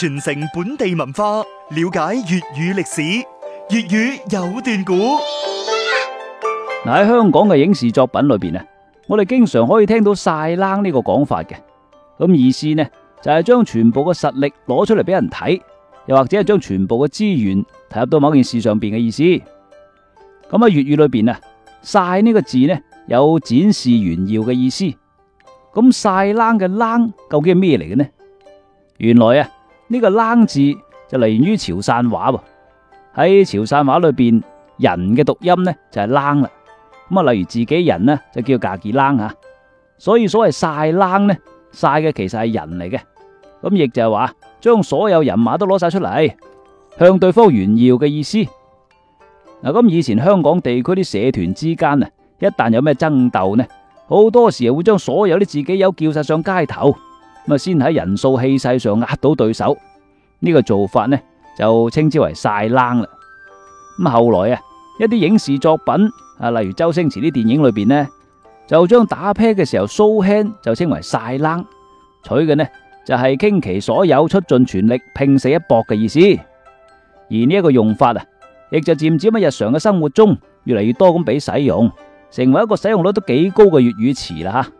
傳承本地文化，了解粵語歷史。粵語有段古，嗱 喺香港嘅影視作品裏邊咧，我哋經常可以聽到晒冷呢、這個講法嘅。咁意思呢，就係、是、將全部嘅實力攞出嚟俾人睇，又或者係將全部嘅資源投入到某件事上邊嘅意思。咁喺粵語裏邊啊，晒呢個字呢，有展示炫耀嘅意思。咁晒冷嘅冷究竟係咩嚟嘅呢？原來啊。呢個「冷」字就嚟源於潮汕話喎，喺潮汕話裏邊，人嘅讀音呢就係「冷」啦。咁啊，例如自己人呢，就叫架幾「冷」吓。所以所謂「晒冷」呢，「晒」嘅其實係人嚟嘅。咁亦就係話將所有人馬都攞晒出嚟，向對方炫耀嘅意思。嗱，咁以前香港地區啲社團之間啊，一旦有咩爭鬥呢，好多時啊會將所有啲自己友叫晒上街頭。咁啊，先喺人數氣勢上壓到對手，呢、這個做法呢就稱之為晒冷啦。咁後來啊，一啲影視作品啊，例如周星馳啲電影裏邊呢，就將打 p 嘅時候蘇輕就稱為晒冷，取嘅呢就係傾其所有、出盡全力、拼死一搏嘅意思。而呢一個用法啊，亦就漸漸喺日常嘅生活中越嚟越多咁俾使用，成為一個使用率都幾高嘅粵語詞啦吓。